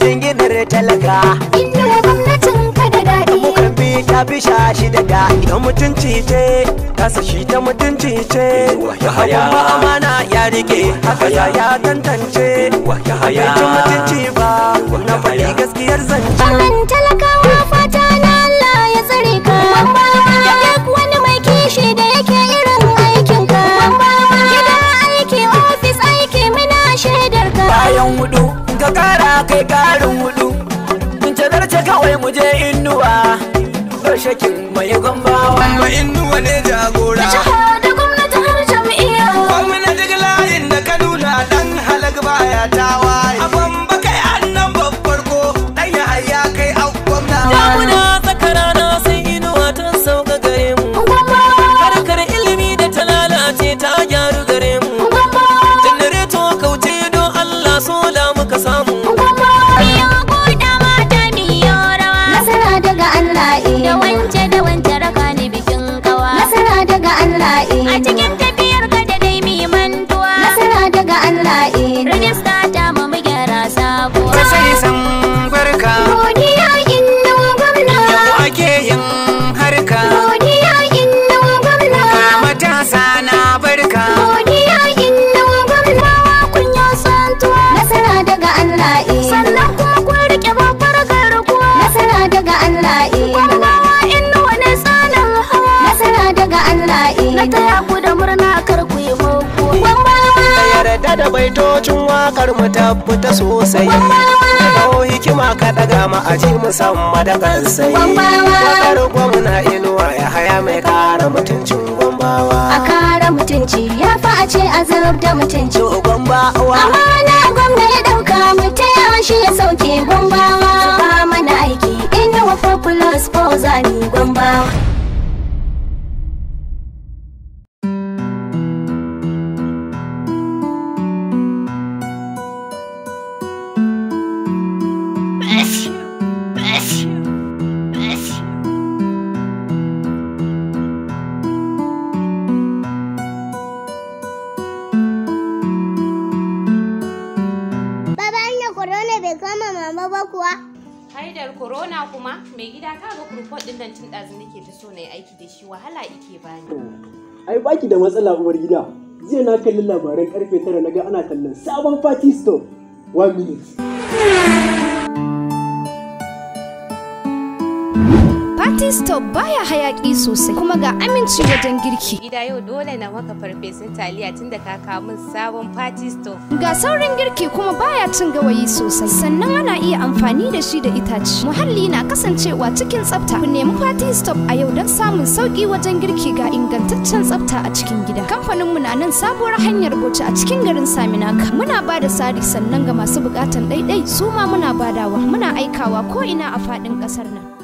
jinginar talaka inda wa gwamnatin ka da daɗi mukan bi ta bi shashi da da ita mutunci ce tasa shi ta mutunci ce ya amana ya rike haka ya ya tantance ya haya mutunci ba na faɗi gaskiyar zance garin hudu in ce kawai mu je innuwa bar shakin mai gombawa ma innuwa ne jagora na taya ku da murna kar ku yi mako yarda da baitocin wakar mu tabbata sosai kawo hikima ka daga ma a ji musamman da kansai wakar gwamna inuwa ya haya mai kara mutuncin gwambawa a kara mutunci ya fa a ce a zarab da mutunci amma na gwamna ya dauka mutunci korona bai ba kuwa? haidar corona kuma mai gida ta ga kurkwadin tun ɗazu ɗazin nake ta so na yi aiki da shi wahala ike bani. ai baki da matsala uwar gida jiya na kalli labaran karfe tara na ga ana tallan sabon party store one minute. Party stop baya hayaki sosai kuma ga aminci wajen girki. Gida yau dole na maka farfesun taliya tun da ka kawo sabon party stop. Ga saurin girki kuma baya cin gawayi sosai. Sannan ana iya amfani da shi da itace. Muhalli na kasancewa cikin tsafta. Ku nemi party stop a yau don samun sauki wajen girki ga ingantaccen tsafta a cikin gida. Kamfaninmu na nan sabuwar hanyar goce a cikin garin Saminaka. Muna ba da sari sannan ga masu bukatan ɗaiɗai su ma muna badawa. Muna aikawa ko ina a faɗin kasar nan.